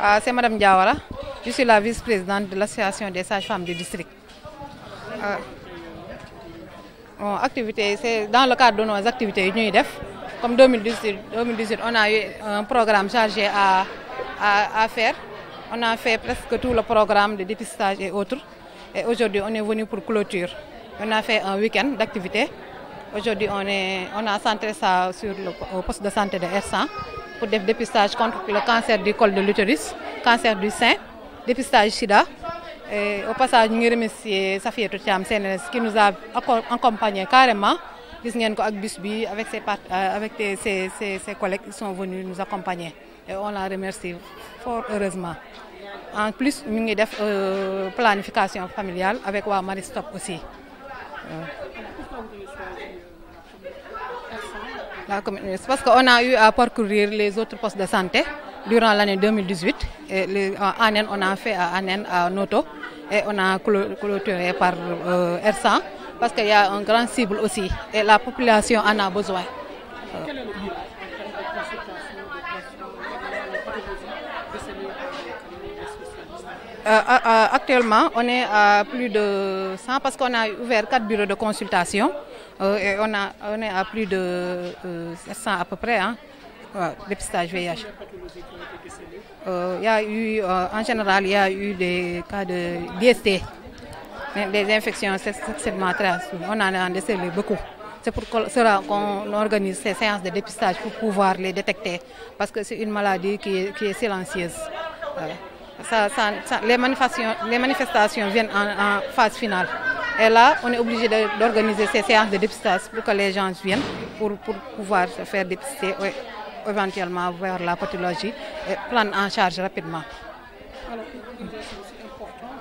Ah, c'est Madame Diawara. Je suis la vice-présidente de l'association des sages-femmes du district. Ah. c'est dans le cadre de nos activités Comme 2018, 2018, on a eu un programme chargé à, faire. On a fait presque tout le programme de dépistage et autres. Et aujourd'hui, on est venu pour clôture. On a fait un week-end d'activités. Aujourd'hui, on, a centré ça sur le poste de santé de Ersan pour des dépistages contre le cancer du col de l'utérus, cancer du sein, dépistage sida. au passage, nous remercions Safia Toutiam CNRS qui nous a accompagnés carrément. avec ses collègues qui sont venus nous accompagner et on la remercie fort heureusement. En plus, nous avons fait planification familiale avec Maristop aussi. La commune euh, parce qu'on a eu à parcourir les autres postes de santé durant l'année 2018. Et on a fait à Anen, à Noto, et on a clôturé par euh, parce qu'il y a un grand cible aussi, et la population en a besoin. Euh, Euh, euh, euh, actuellement, on est à plus de 100 parce qu'on a ouvert quatre bureaux de consultation et on, a, on est à plus de 100 à peu près. Hein. dépistage VIH. Il y a eu, en général, il y a eu des cas de DST, des infections sexuellement transmises. On en a décelé beaucoup. C'est pour cela qu'on organise ces séances de dépistage pour pouvoir les détecter, parce que c'est une maladie qui est, silencieuse les, manifestations, viennent en, phase finale. Et là, on est obligé d'organiser ces séances de dépistage pour que les gens viennent pour, pouvoir se faire dépister éventuellement voir la pathologie et prendre en charge rapidement. Alors, c'est important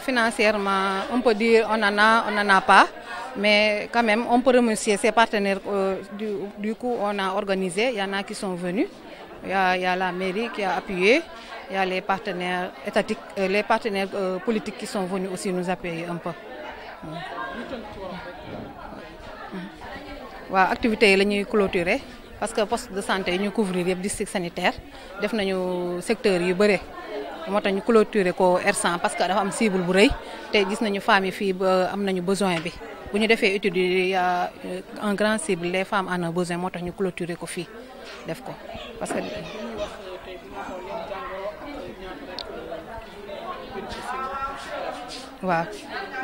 financièrement, on peut dire on en a, on n'en a pas. Mais quand même, on peut remercier ses partenaires. Euh, du, coup, on a organisé, il y en a qui sont venus. Il y, a, la mairie qui a appuyé, il y a les partenaires étatiques, euh, les partenaires euh, politiques qui sont venus aussi nous appuyer un peu. L'activité activité clôturée. parce que le poste de santé nous couvre le district sanitaire avons nañu secteur yu bëre moo ñu clôturer R100 parce que dafa am cible bu avons une gis nañu femmes am besoin bu ñu defee étude yi euh, un grand cible les femmes en ont besoin moo tax ñu clôturer ko fii def ko parce que. waaw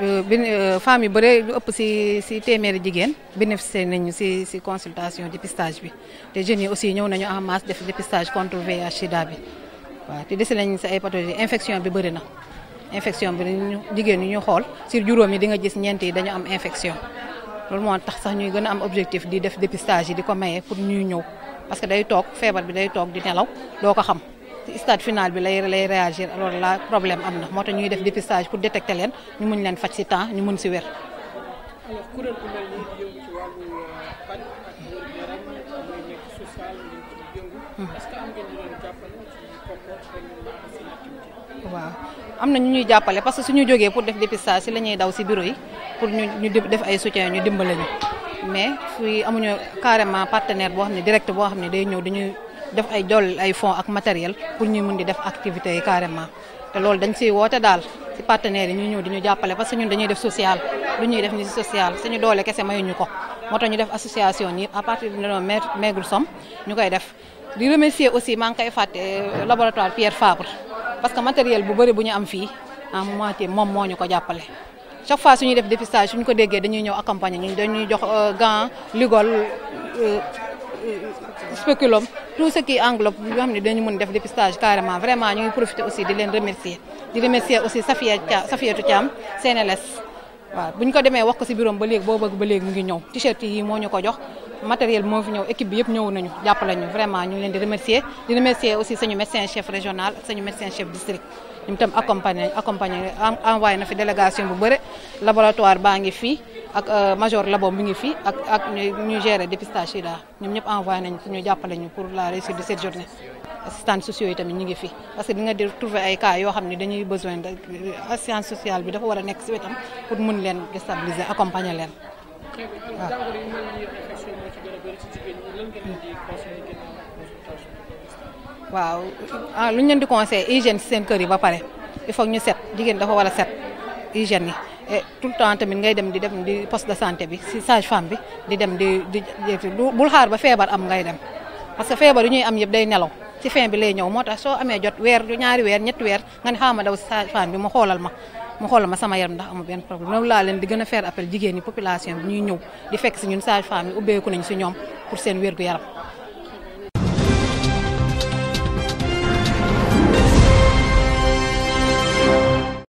euh, bin euh, femmes yu bëre lu ëpp si si téeméeri jigéen bénéficié nañu si si consultation dépistage bi te jeunes yi aussi ñëw nañu en masse def dépistage contre VIH sida bi waaw te dese nañ si ay pathologie infection bi bëri na infection bi ñu jigéen ñu xool sur juróom yi di nga gis ñeent yi dañu am infection loolu moo tax sax ñuy gën a am objectif di def dépistage yi di ko maye pour ñuy ñëw parce que day toog feebar bi day toog di nelaw doo ko xam stade final bi lay lay réagir alors la problème am na moo tax ñuy def dépistage pour détecter leen ñu mun leen faj si temps ñu mun si wér. alors kuréel bu mel nii waaw am na ñu ñuy jàppale parce que ñu jógee pour def dépistage si la ñuy daw si bureau yi pour ñu ñu def ay soutien ñu dimbale ñu mais fii amuñu carrément partenaire boo xam ne direct boo xam ne day ñëw dañuy def ay dolli ay fonds ak matériel pour ñuy mun di def activité yi carrément te loolu dañ siy woote daal si partenaires yi ñuy ñëw di ñu jàppale parce que ñun dañuy def social lu ñuy def ni si social suñu doole kese ñu ko moo ñu def association à partir maigre somme Nous def remercier aussi euh, laboratoire Pierre Fabre parce que matériel bu bu ñu am en moitié moom chaque fois nous def dépistage suñu ko déggee dañuy ñëw accompagner ñu dañuy jox euh, euh, tout ce qui englobe yoo dañu dépistage carrément vraiment ñu aussi de leen remercier di remercier aussi CNLS waaw buñ ko demee wax ko si biroom ba léegi boo bëgg ba léegi mu ngi ñëw t-shirt yi moo ñu ko jox matériel bi moo fi ñëw équipe bi yëpp ñëw nañu jàppale ñu vraiment ñu ngi leen di remercier di remercier aussi sañu médecin chef régional ak sañu médecin chef district ñu tam accompagné accompagné envoyé na fi délégation bu bëre laboratoire baa ngi fii ak euh, major labo mi ngi fii ak ak ñu gérer dépistage sida ñoom ñëpp envoyé nañ ñu jàppale ñu pour la réussite de cette journée assistants sociaux yi tamit ñu ngi fi parce que di nga di trouver ay cas yoo xam ne dañuy besoin de euh, assistance sociale bi dafa war a nekk si wetam pour mun leen déstabiliser accompagner leen waaw ah lu ñu leen di conseil hygiène si seen kër yi ba pare il faut ñu set jigéen dafa war a set hygiène yi et tout le temps tamit ngay dem di dem di poste de santé bi si sage femme bi di dem di di bul xaar ba feebar am ngay dem parce que feebar yu ñuy am yëpp day nelaw ci fin bi lay ñëw moo tax soo amee jot weer ñaari weer ñetti weer nga ne xaama daw sage-femme bi mu xoolal ma mu xoolal ma sama yaram ndax amul benn problème loolu laa leen di gën a faire appel jigéen ñi population bi ñuy ñëw di fekk si ñun sage yi ubbeeku nañ si ñoom pour seen wér gu yaram